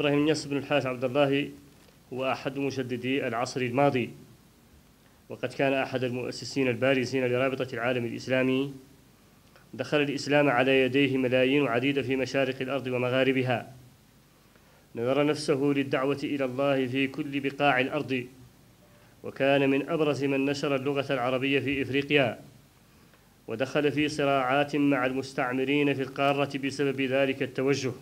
إبراهيم نياس بن الحارث عبد الله هو أحد مشددي العصر الماضي وقد كان أحد المؤسسين البارزين لرابطة العالم الإسلامي دخل الإسلام على يديه ملايين عديدة في مشارق الأرض ومغاربها نذر نفسه للدعوة إلى الله في كل بقاع الأرض وكان من أبرز من نشر اللغة العربية في إفريقيا ودخل في صراعات مع المستعمرين في القارة بسبب ذلك التوجه